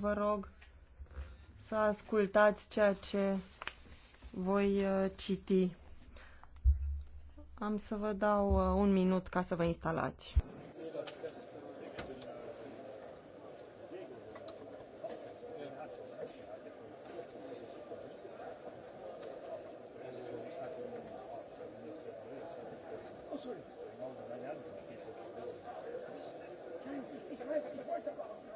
vă rog să ascultați ceea ce voi uh, citi. Am să vă dau uh, un minut ca să vă instalați. Thank oh, you.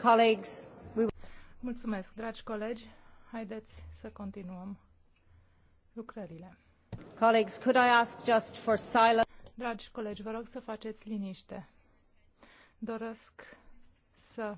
colleagues. Mulțumesc, dragi colegi. Haideți să continuăm lucrările. Colleagues, could I ask just for silence? Dragi colegi, vă rog să faceți liniște. Doresc să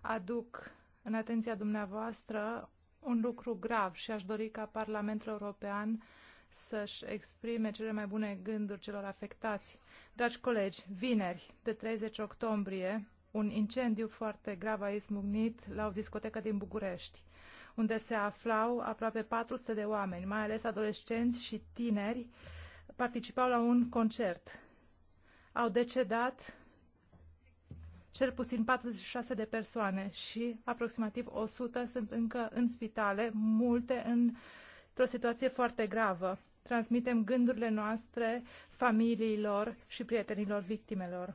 aduc în atenția dumneavoastră un lucru grav și aș dori ca Parlamentul European să-și exprime cele mai bune gânduri celor afectați. Dragi colegi, vineri de 30 octombrie, un incendiu foarte grav a izmugnit la o discotecă din București, unde se aflau aproape 400 de oameni, mai ales adolescenți și tineri, participau la un concert. Au decedat cel puțin 46 de persoane și aproximativ 100 sunt încă în spitale, multe într-o situație foarte gravă. Transmitem gândurile noastre familiilor și prietenilor victimelor.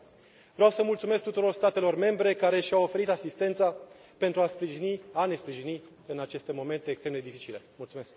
vreau să mulțumesc tuturor statelor membre care și au oferit asistența pentru a sprijini a ne sprijini în aceste momente extrem de dificile. mulțumesc.